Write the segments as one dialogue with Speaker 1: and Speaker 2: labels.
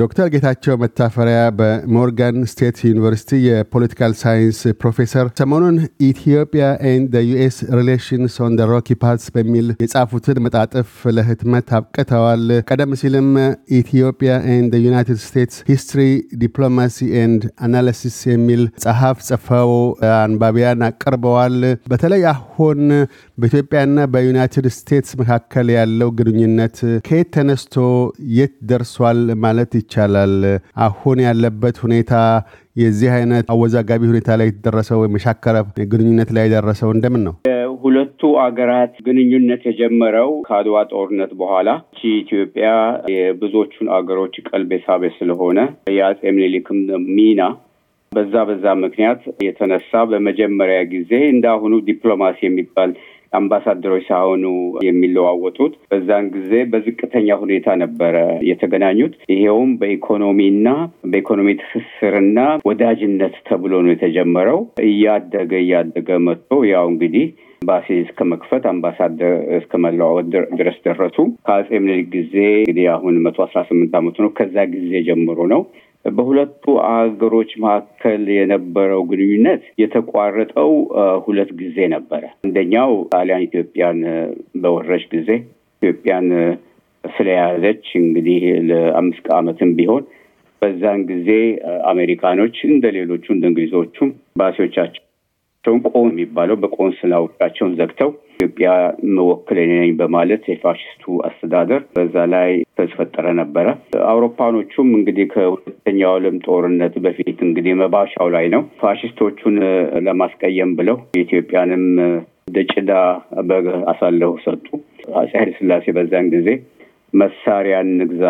Speaker 1: ዶክተር ጌታቸው መታፈሪያ በሞርጋን ስቴት ዩኒቨርሲቲ የፖለቲካል ሳይንስ ፕሮፌሰር ሰሞኑን ኢትዮጵያ ኤንድ ዩኤስ ሪሌሽንስ ኦን ደ ሮኪ ፓስ በሚል የጻፉትን መጣጥፍ ለህትመት አብቅተዋል። ቀደም ሲልም ኢትዮጵያ ኤንድ ዩናይትድ ስቴትስ ሂስትሪ ዲፕሎማሲ ኤንድ አናሊሲስ የሚል ጸሐፍ ጽፈው አንባቢያን አቅርበዋል። በተለይ አሁን በኢትዮጵያና በዩናይትድ ስቴትስ መካከል ያለው ግንኙነት ከየት ተነስቶ የት ደርሷል ማለት ይቻላል? አሁን ያለበት ሁኔታ የዚህ አይነት አወዛጋቢ ሁኔታ ላይ የተደረሰው ወይም የሻከረ ግንኙነት ላይ የደረሰው እንደምን ነው?
Speaker 2: ሁለቱ አገራት ግንኙነት የጀመረው ከአድዋ ጦርነት በኋላ ቺ ኢትዮጵያ የብዙዎቹን አገሮች ቀልብ ሳቢ ስለሆነ የአጼ ምኒልክም ሚና በዛ በዛ ምክንያት የተነሳ በመጀመሪያ ጊዜ እንደ አሁኑ ዲፕሎማሲ የሚባል አምባሳደሮች ሳይሆኑ የሚለዋወጡት። በዛን ጊዜ በዝቅተኛ ሁኔታ ነበረ የተገናኙት። ይሄውም በኢኮኖሚና በኢኮኖሚ ትስስርና ወዳጅነት ተብሎ ነው የተጀመረው። እያደገ እያደገ መጥቶ ያው እንግዲህ ኤምባሲ እስከ መክፈት አምባሳደር እስከ መለዋወጥ ድረስ ደረሱ። ከአጼ ምኒልክ ጊዜ እንግዲህ አሁን መቶ አስራ ስምንት አመቱ ነው። ከዛ ጊዜ ጀምሮ ነው በሁለቱ አገሮች መካከል የነበረው ግንኙነት የተቋረጠው ሁለት ጊዜ ነበረ። አንደኛው ጣሊያን ኢትዮጵያን በወረች ጊዜ ኢትዮጵያን ስለያዘች እንግዲህ ለአምስት ዓመትም ቢሆን በዛን ጊዜ አሜሪካኖች እንደ ሌሎቹ እንደ እንግሊዞቹም ኤምባሲዎቻቸው ቶንቆ የሚባለው በቆንስላዎቻቸውን ዘግተው ኢትዮጵያ መወክል ነኝ በማለት የፋሽስቱ አስተዳደር በዛ ላይ ተፈጠረ ነበረ። አውሮፓኖቹም እንግዲህ ከሁለተኛው ዓለም ጦርነት በፊት እንግዲህ መባሻው ላይ ነው ፋሽስቶቹን ለማስቀየም ብለው የኢትዮጵያንም ደጭዳ በግ አሳለው ሰጡ። አፄ ኃይለስላሴ በዛን ጊዜ መሳሪያን ንግዛ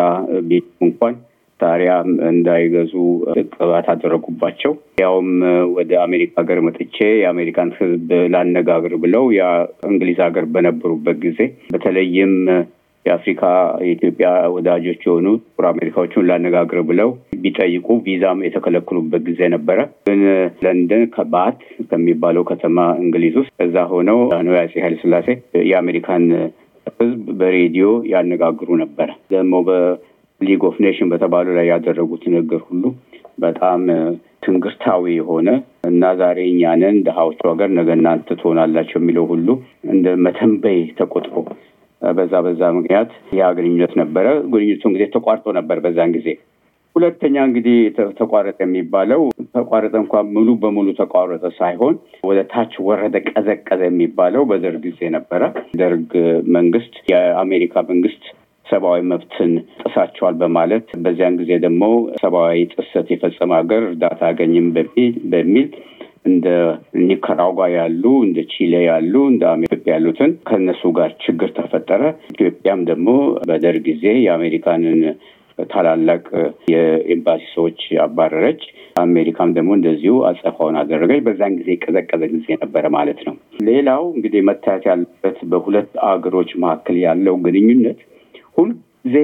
Speaker 2: ቢሉ እንኳን መሳሪያ እንዳይገዙ እቅባት አደረጉባቸው። ያውም ወደ አሜሪካ ሀገር መጥቼ የአሜሪካን ሕዝብ ላነጋግር ብለው የእንግሊዝ ሀገር በነበሩበት ጊዜ በተለይም የአፍሪካ የኢትዮጵያ ወዳጆች የሆኑ ጥቁር አሜሪካዎችን ላነጋግር ብለው ቢጠይቁ ቪዛም የተከለከሉበት ጊዜ ነበረ። ግን ለንደን ከባት ከሚባለው ከተማ እንግሊዝ ውስጥ እዛ ሆነው ነው አፄ ኃይለሥላሴ የአሜሪካን ህዝብ በሬዲዮ ያነጋግሩ ነበረ ደግሞ ሊግ ኦፍ ኔሽን በተባሉ ላይ ያደረጉት ንግግር ሁሉ በጣም ትንግርታዊ የሆነ እና ዛሬ እኛንን ድሃዎቹ ሀገር ነገ እናንተ ትሆናላቸው የሚለው ሁሉ እንደ መተንበይ ተቆጥሮ በዛ በዛ ምክንያት ያ ግንኙነት ነበረ። ግንኙነቱ እንግዲህ ተቋርጦ ነበር በዛን ጊዜ። ሁለተኛ እንግዲህ ተቋረጠ የሚባለው ተቋረጠ እንኳን ሙሉ በሙሉ ተቋረጠ ሳይሆን ወደ ታች ወረደ፣ ቀዘቀዘ የሚባለው በደርግ ጊዜ ነበረ። ደርግ መንግስት የአሜሪካ መንግስት ሰብአዊ መብትን ጥሳቸዋል በማለት በዚያን ጊዜ ደግሞ ሰብአዊ ጥሰት የፈጸመ ሀገር እርዳታ አገኝም በሚል እንደ ኒካራጓ ያሉ እንደ ቺሌ ያሉ እንደ ኢትዮጵያ ያሉትን ከእነሱ ጋር ችግር ተፈጠረ። ኢትዮጵያም ደግሞ በደርግ ጊዜ የአሜሪካንን ታላላቅ የኤምባሲ ሰዎች አባረረች። አሜሪካም ደግሞ እንደዚሁ አጸፋውን አደረገች። በዛን ጊዜ ቀዘቀዘ ጊዜ ነበረ ማለት ነው። ሌላው እንግዲህ መታየት ያለበት በሁለት አገሮች መካከል ያለው ግንኙነት ጊዜ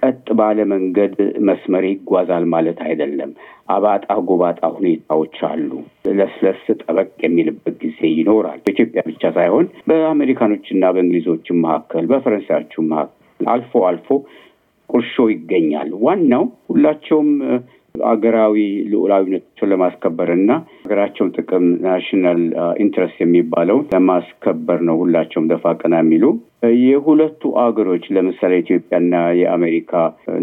Speaker 2: ቀጥ ባለ መንገድ መስመር ይጓዛል ማለት አይደለም። አባጣ ጎባጣ ሁኔታዎች አሉ። ለስለስ ጠበቅ የሚልበት ጊዜ ይኖራል። በኢትዮጵያ ብቻ ሳይሆን በአሜሪካኖችና በእንግሊዞች መካከል፣ በፈረንሳዮችም መካከል አልፎ አልፎ ቁርሾ ይገኛል። ዋናው ሁላቸውም አገራዊ ልዑላዊነታቸውን ለማስከበር እና ሀገራቸው ጥቅም ናሽናል ኢንትረስት የሚባለው ለማስከበር ነው ሁላቸውም ደፋ ቀና የሚሉ የሁለቱ አገሮች ለምሳሌ ኢትዮጵያና የአሜሪካ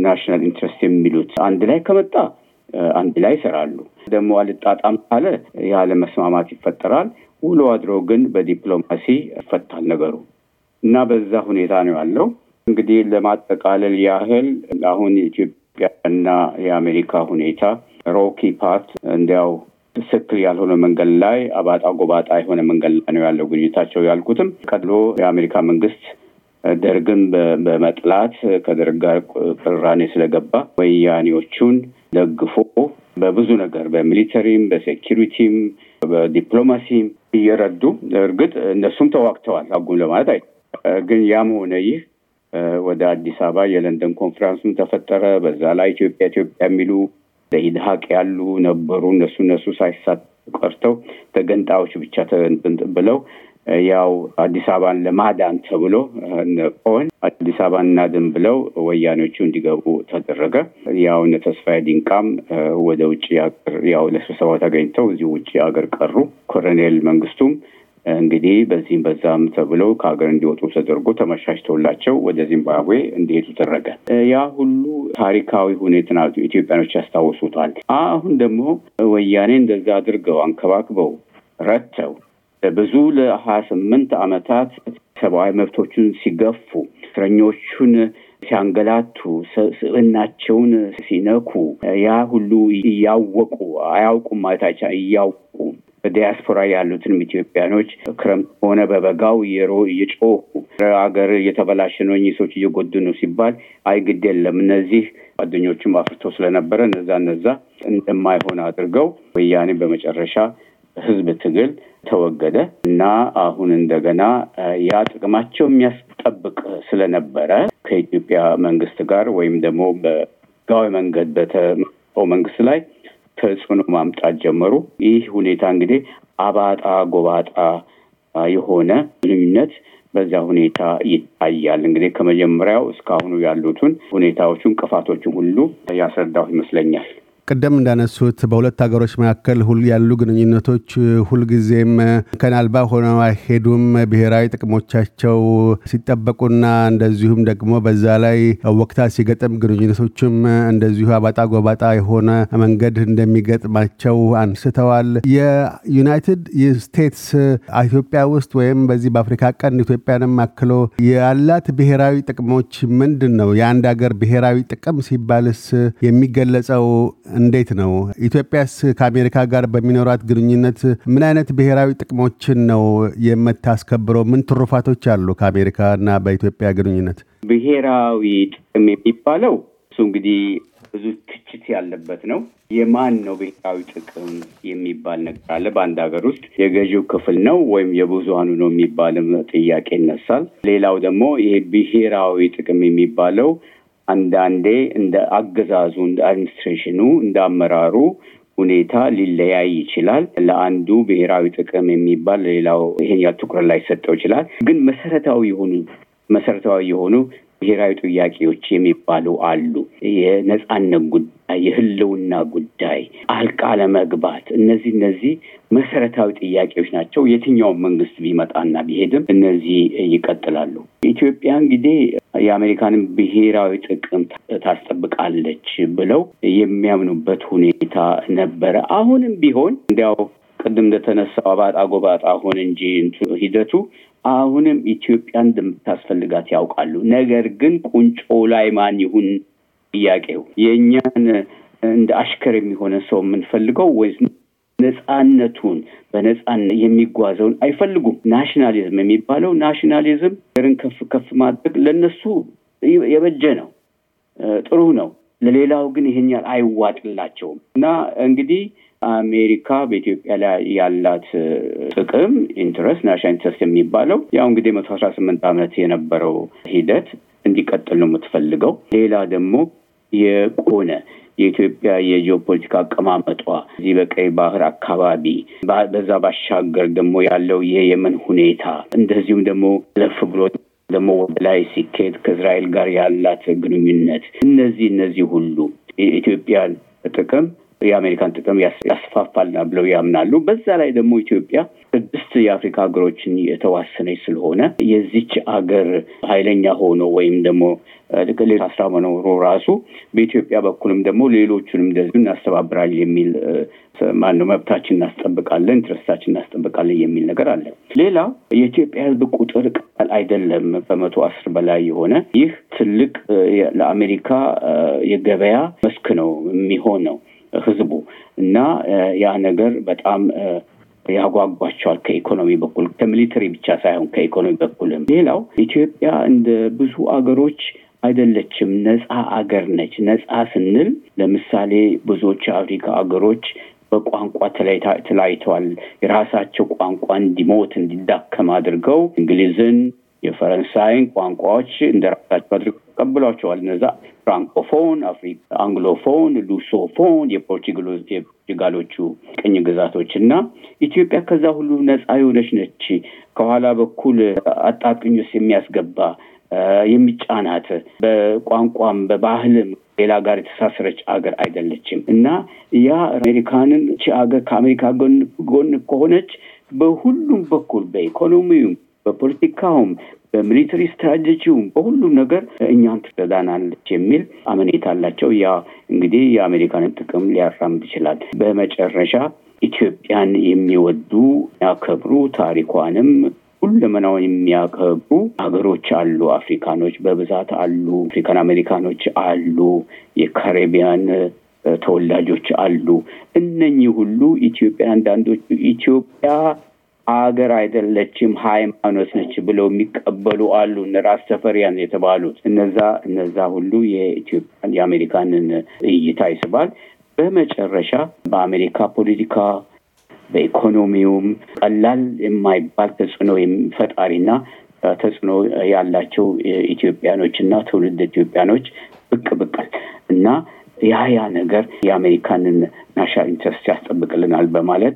Speaker 2: ናሽናል ኢንትረስት የሚሉት አንድ ላይ ከመጣ አንድ ላይ ይሰራሉ። ደግሞ አልጣጣም ካለ ያለ መስማማት ይፈጠራል። ውሎ አድሮ ግን በዲፕሎማሲ ይፈታል ነገሩ እና በዛ ሁኔታ ነው ያለው። እንግዲህ ለማጠቃለል ያህል አሁን የኢትዮጵያና የአሜሪካ ሁኔታ ሮኪ ፓት እንዲያው ትክክል ያልሆነ መንገድ ላይ አባጣ ጎባጣ የሆነ መንገድ ላይ ነው ያለው ግንኙታቸው ያልኩትም ቀጥሎ የአሜሪካ መንግስት ደርግን በመጥላት ከደርግ ጋር ቅራኔ ስለገባ ወያኔዎቹን ደግፎ በብዙ ነገር በሚሊተሪም፣ በሴኪሪቲም፣ በዲፕሎማሲም እየረዱ እርግጥ እነሱም ተዋግተዋል። አጉም ለማለት አይ ግን ያም ሆነ ይህ ወደ አዲስ አበባ የለንደን ኮንፍራንስም ተፈጠረ። በዛ ላይ ኢትዮጵያ ኢትዮጵያ የሚሉ በኢድሀቅ ያሉ ነበሩ። እነሱ እነሱ ሳይሳት ቀርተው ተገንጣዮች ብቻ ብለው ያው አዲስ አበባን ለማዳን ተብሎ ቆን አዲስ አበባን እናድን ብለው ወያኔዎቹ እንዲገቡ ተደረገ። ያው እነ ተስፋዬ ዲንቃም ወደ ውጭ ያው ለስብሰባ ተገኝተው እዚሁ ውጭ ሀገር ቀሩ። ኮሎኔል መንግስቱም እንግዲህ በዚህም በዛም ተብለው ከሀገር እንዲወጡ ተደርጎ ተመሻሽተውላቸው ወደ ዚምባብዌ እንዲሄዱ ተደረገ። ያ ሁሉ ታሪካዊ ሁኔታን ኢትዮጵያኖች ያስታውሱታል። አሁን ደግሞ ወያኔ እንደዛ አድርገው አንከባክበው ረተው ብዙ ለሀያ ስምንት ዓመታት ሰብአዊ መብቶችን ሲገፉ እስረኞቹን ሲያንገላቱ ስብዕናቸውን ሲነኩ ያ ሁሉ እያወቁ አያውቁም ማለት አይቻልም። እያው በዲያስፖራ ያሉትንም ኢትዮጵያኖች ክረምት ሆነ በበጋው የሮ እየጮሁ ሀገር እየተበላሸ ነው ሰዎች እየጎዱ ነው ሲባል አይ ግድ የለም እነዚህ ጓደኞቹም አፍርቶ ስለነበረ እነዛ እነዛ እንደማይሆን አድርገው ወያኔ በመጨረሻ ህዝብ ትግል ተወገደ እና አሁን እንደገና ያ ጥቅማቸው የሚያስጠብቅ ስለነበረ ከኢትዮጵያ መንግስት ጋር ወይም ደግሞ በህጋዊ መንገድ በተመ መንግስት ላይ ተጽዕኖ ማምጣት ጀመሩ። ይህ ሁኔታ እንግዲህ አባጣ ጎባጣ የሆነ ግንኙነት በዚያ ሁኔታ ይታያል። እንግዲህ ከመጀመሪያው እስካሁኑ ያሉትን ሁኔታዎቹን፣ እንቅፋቶችን ሁሉ ያስረዳሁ ይመስለኛል።
Speaker 1: ቅደም እንዳነሱት በሁለት ሀገሮች መካከል ሁል ያሉ ግንኙነቶች ሁልጊዜም እንከን አልባ ሆነው አይሄዱም። ብሔራዊ ጥቅሞቻቸው ሲጠበቁና እንደዚሁም ደግሞ በዛ ላይ ወቅታ ሲገጥም ግንኙነቶችም እንደዚሁ አባጣ ጎባጣ የሆነ መንገድ እንደሚገጥማቸው አንስተዋል። የዩናይትድ ስቴትስ ኢትዮጵያ ውስጥ ወይም በዚህ በአፍሪካ ቀንድ ኢትዮጵያንም አክሎ ያላት ብሔራዊ ጥቅሞች ምንድን ነው? የአንድ ሀገር ብሔራዊ ጥቅም ሲባልስ የሚገለጸው እንዴት ነው? ኢትዮጵያስ ከአሜሪካ ጋር በሚኖራት ግንኙነት ምን አይነት ብሔራዊ ጥቅሞችን ነው የምታስከብረው? ምን ትሩፋቶች አሉ እና በኢትዮጵያ ግንኙነት?
Speaker 2: ብሔራዊ ጥቅም የሚባለው እሱ እንግዲህ ብዙ ትችት ያለበት ነው። የማን ነው ብሔራዊ ጥቅም የሚባል ነገር አለ። በአንድ ሀገር ውስጥ የገዢው ክፍል ነው ወይም የብዙሀኑ ነው የሚባልም ጥያቄ ይነሳል። ሌላው ደግሞ ይሄ ብሔራዊ ጥቅም የሚባለው አንዳንዴ እንደ አገዛዙ፣ እንደ አድሚኒስትሬሽኑ፣ እንደ አመራሩ ሁኔታ ሊለያይ ይችላል። ለአንዱ ብሔራዊ ጥቅም የሚባል ሌላው ይሄን ያል ትኩረት ላይ ሰጠው ይችላል። ግን መሰረታዊ የሆኑ መሰረታዊ የሆኑ ብሔራዊ ጥያቄዎች የሚባሉ አሉ። የነጻነት ጉዳይ፣ የህልውና ጉዳይ፣ አልቃ ለመግባት እነዚህ እነዚህ መሰረታዊ ጥያቄዎች ናቸው። የትኛውም መንግስት ቢመጣና ቢሄድም እነዚህ ይቀጥላሉ። ኢትዮጵያ እንግዲህ የአሜሪካንን ብሔራዊ ጥቅም ታስጠብቃለች ብለው የሚያምኑበት ሁኔታ ነበረ። አሁንም ቢሆን እንዲያው ቅድም እንደተነሳው አባጣ ጎባጣ ሆነ እንጂ ሂደቱ አሁንም ኢትዮጵያ እንደምታስፈልጋት ያውቃሉ። ነገር ግን ቁንጮ ላይ ማን ይሁን ጥያቄው የእኛን እንደ አሽከር የሚሆነ ሰው የምንፈልገው ወይ ነጻነቱን በነጻነት የሚጓዘውን አይፈልጉም። ናሽናሊዝም የሚባለው ናሽናሊዝም ገርን ከፍ ከፍ ማድረግ ለነሱ የበጀ ነው፣ ጥሩ ነው። ለሌላው ግን ይሄኛል አይዋጥላቸውም እና እንግዲህ አሜሪካ በኢትዮጵያ ላይ ያላት ጥቅም ኢንትረስት ናሽናል ኢንትረስት የሚባለው ያው እንግዲህ መቶ አስራ ስምንት ዓመት የነበረው ሂደት እንዲቀጥል ነው የምትፈልገው። ሌላ ደግሞ የቆነ የኢትዮጵያ የጂኦፖለቲካ አቀማመጧ እዚህ በቀይ ባህር አካባቢ በዛ ባሻገር ደግሞ ያለው የየመን ሁኔታ እንደዚሁም ደግሞ ለፍ ብሎ ደግሞ ወደ ላይ ሲኬድ ከእስራኤል ጋር ያላት ግንኙነት እነዚህ እነዚህ ሁሉ የኢትዮጵያን ጥቅም የአሜሪካን ጥቅም ያስፋፋል ብለው ያምናሉ። በዛ ላይ ደግሞ ኢትዮጵያ ስድስት የአፍሪካ ሀገሮችን የተዋሰነች ስለሆነ የዚች አገር ኃይለኛ ሆኖ ወይም ደግሞ ጥቅል አስራ መኖሩ ራሱ በኢትዮጵያ በኩልም ደግሞ ሌሎቹንም እንደዚሁ እናስተባብራል የሚል ማነው መብታችን እናስጠብቃለን፣ ኢንትረስታችን እናስጠብቃለን የሚል ነገር አለ። ሌላ የኢትዮጵያ ሕዝብ ቁጥር ቃል አይደለም በመቶ አስር በላይ የሆነ ይህ ትልቅ ለአሜሪካ የገበያ መስክ ነው የሚሆን ነው። ህዝቡ እና ያ ነገር በጣም ያጓጓቸዋል። ከኢኮኖሚ በኩል ከሚሊተሪ ብቻ ሳይሆን ከኢኮኖሚ በኩልም። ሌላው ኢትዮጵያ እንደ ብዙ አገሮች አይደለችም፣ ነፃ አገር ነች። ነፃ ስንል ለምሳሌ ብዙዎች የአፍሪካ አገሮች በቋንቋ ተለያይተዋል። የራሳቸው ቋንቋ እንዲሞት እንዲዳከም አድርገው እንግሊዝን፣ የፈረንሳይን ቋንቋዎች እንደ ራሳቸው አድርገው ቀብሏቸዋል። እነዛ ፍራንኮፎን፣ አንግሎፎን፣ ሉሶፎን የፖርቱጋሎቹ ቅኝ ግዛቶች እና ኢትዮጵያ ከዛ ሁሉ ነፃ የሆነች ነች። ከኋላ በኩል አጣብቅኝ ውስጥ የሚያስገባ የሚጫናት በቋንቋም በባህልም ሌላ ጋር የተሳሰረች አገር አይደለችም እና ያ አሜሪካንን አገር ከአሜሪካ ጎን ከሆነች በሁሉም በኩል በኢኮኖሚውም በፖለቲካውም በሚሊተሪ ስትራቴጂውም በሁሉም ነገር እኛን ትረዳናለች የሚል አመኔት አላቸው። ያ እንግዲህ የአሜሪካንን ጥቅም ሊያራምድ ይችላል። በመጨረሻ ኢትዮጵያን የሚወዱ ያከብሩ ታሪኳንም ሁለመናውን የሚያከብሩ ሀገሮች አሉ። አፍሪካኖች በብዛት አሉ። አፍሪካን አሜሪካኖች አሉ። የካሪቢያን ተወላጆች አሉ። እነኚህ ሁሉ ኢትዮጵያ አንዳንዶቹ ኢትዮጵያ አገር አይደለችም ሃይማኖት ነች ብለው የሚቀበሉ አሉ። ራስ ተፈሪያን የተባሉት እነዛ እነዛ ሁሉ የኢትዮጵያን የአሜሪካንን እይታ ይስባል። በመጨረሻ በአሜሪካ ፖለቲካ በኢኮኖሚውም ቀላል የማይባል ተጽዕኖ ፈጣሪና ተጽዕኖ ያላቸው ኢትዮጵያኖች እና ትውልድ ኢትዮጵያኖች ብቅ ብቃል እና ያ ያ ነገር የአሜሪካንን ናሽናል ኢንትረስት ያስጠብቅልናል በማለት